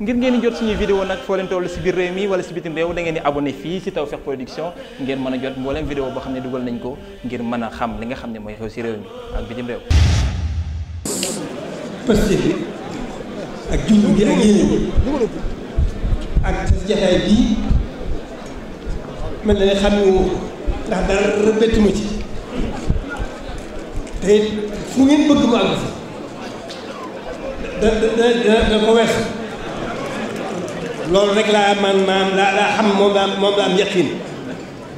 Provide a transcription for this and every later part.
ngir ngeen jot suñuy vidéo nag foo leen toll si biir réew mi wala si bitim réew da ngeen di abonné fii si Tawfekh Production ngeen mën a jot mbooleem vidéo boo xam ne dugal nañ ko ngir mën a xam li nga xam ne mooy xew si réew mi ak na ne xam ndax dara bettu ma ci te fu ngeen bëgg mu àgg da da da da ko wees loolu rek laa man maam laa laa xam moom laa moom laa am yaqin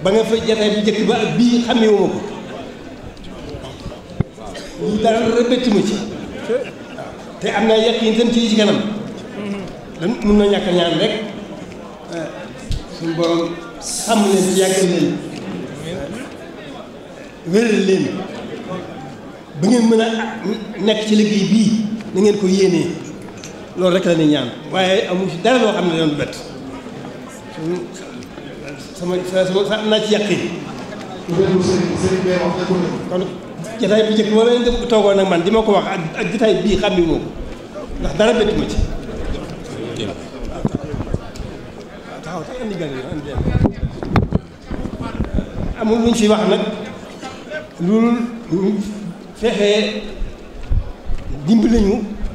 ba nga fa jataay bu ba bii xamewuma ko lii dara rëbbati ci te am naa yaqin tam ci ci kanam dan mun na ñàkk ñaan rek suñu borom sàmm leen ci yàggal leen wéral leen ba ngeen mën a nekk ci liggéey bii na ko yéenee loolu rek la ñuy ñaan waaye amu ci dara loo xam ne doon bett sama sama sa am naa ci yàq kon jotaay bi njëkk wala nga toogoon nag man di ma ko wax ak ak jotaay bii xam ne moom ndax dara bett ma ci. waaw taxaw andi gan yi andi amul lu ñu ci wax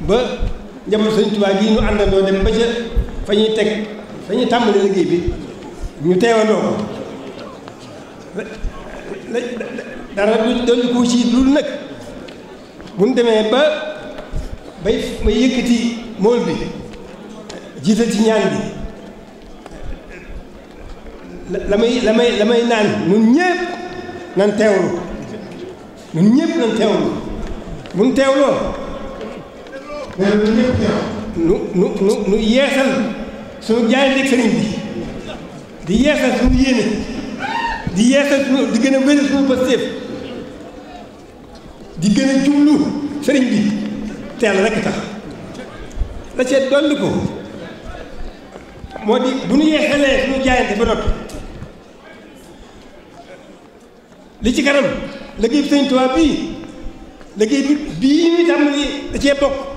ba. njaboot sëñ Tuubaa gii na àndandoo dem ba ca fa ñuy teg fa ñuy tàmbali liggéey bi ñu teewandoo ko dara doon ko ci dul nag bu ñu demee ba bay may yëkkati mool bi jiital ci ñaan bi la may naan ñun ñëpp nan teewlu ñun ñëpp nan teewlu bu ñu teewloo nee na ñëpp nu nu nu nu yeesal suñu jaayanteeg sëriñ bi di yeesal suñu yéene di yeesal suñu di gën a wéral suñu pasteef di gën a jublu sëriñ bi teel rek tax la cee dolli ko moo di bu ñu yeesalee suñu jaayante ba noppi li ci kanam liggéey bi sëriñ bii liggéey bii ñu tàmbali da cee bokk.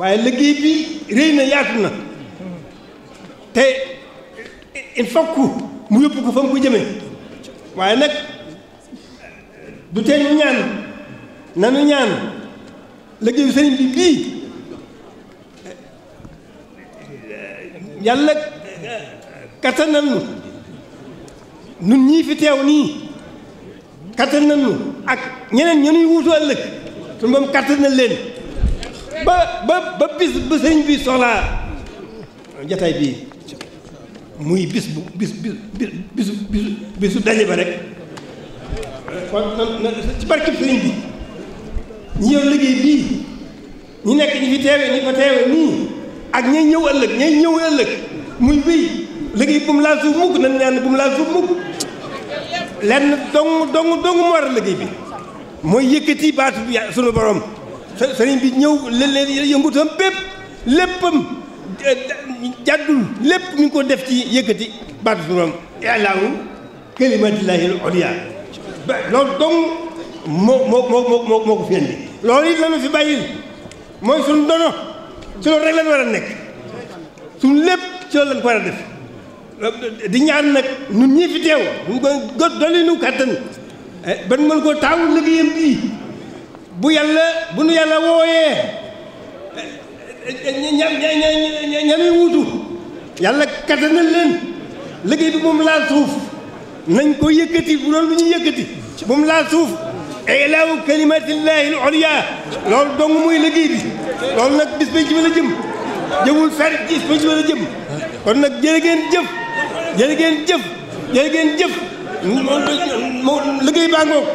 waaye liggéey bi réy na yaatu na te il faut mu yóbbu ko fa mu ko jëmee waaye nag du tee ñu ñaan nanu ñaan liggéeyu sëriñ bi bii yàlla kattanal nu nun ñii fi teew nii kattanal nu ak ñeneen ñenuy wuutu ëllëg suñu moom kattanal leen ba ba ba bis ba sëriñ bi soxlaa jataay bii muy bis bu bis bis bisu bisu bisu daje ba rek kon ci barkeb sëriñ bi ñi yow liggéey bii ñi nekk ñi fi teewe ñi fa teewe nii ak ñay ñëw ëllëg ñay ñëw ëllëg muy béy liggéey bu mu laal suuf mukk nan ñaan bu mu laal suuf mukk lenn dong dong dong mu war a liggéey bi mooy yëkkati baatu bi sunu borom sëriñ bi ñëw léeg-léeg yëngutam bépp léppam eh, jàddul lépp mi ko def ci yëkkati baatu turam ilaahu kalimatillahi al-ulya loolu yi moo fi indi mooy suñu dono ci loolu rek lañ war a nekk suñu lépp ci loolu lañ ko war a def di ñaan nag ñun ñii fi teew ñu ko dolli nu kàttan eh, ban mën koo taawu liggéeyam bii bu yàlla bu nu yàlla wooyee ña ña yàlla kattanal leen liggéey bi moom laal suuf nañ ko yëkkati bu doon lu ñuy yëkkati moom laal suuf ilaawu kalimatillahi al ulya loolu dong muy liggéey bi loolu nag bis ba ci la jëm jëmul fer ba ci kon nag jërë ngeen jëf jërë ngeen jëf jërë ngeen baa ngoog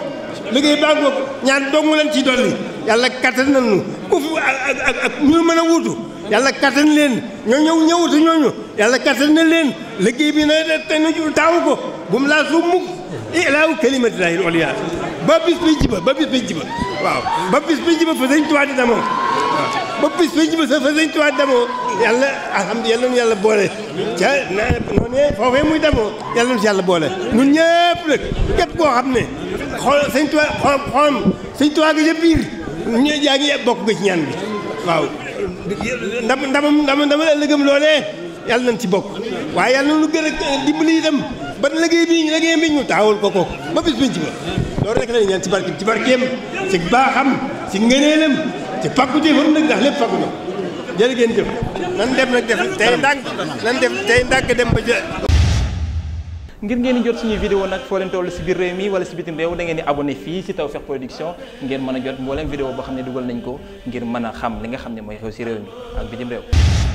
liggéey baa ngoog ñaan dong leen ciy dolli yàlla kattan nañu ku fi ak ak ak mën a wuutu yàlla kattan leen ñoo ñëw ñëwutu ñooñu yàlla kattan na leen liggéey bi na te ñu taamu ko bu mu laa su mukk ilaahu kalimatillahi al oliya ba bis bi jiba ba bis bi jiba waaw ba bis bi jiba fa sëñ Tuubaa ba bis ba ñu fa sëñ Tuubaa demoo yàlla alhamdulilah yàlla na yàlla boole. ca noonu yëpp foofee muy demoo yàlla na si yàlla boole. ñun ñëpp nag képp koo xam ne xool sëñ Tuubaa xool xoolom sëñ Tuubaa gi yëpp biir ñu yaa ngi bokk nga ci ñaan bi waaw. ndam ndamam ndamam ndamam ëllëgam loolee yàlla nañ ci bokk waaye yàlla na lu gën a dimbali itam ban liggéey bi liggéey bi taawul ko ko ba bis biñ ci ba loolu rek ci barke ci barkeem ci baaxam te fàggu jëfam nag ndax lépp fàggu jëf jërë ngeen jëf nan dem nag def tey ndànk nan def tey ndànk dem ba jë ngir ngeen di jot suñuy vidéo nag foo leen toll si biir réew mi wala si bitim réew da ngeen di abonné fii si Tawfekh Production ngeen mën a jot mbooleem vidéo boo xam ne dugal nañ ko ngir mën a xam li nga xam ne mooy xew si réew mi ak bitim réew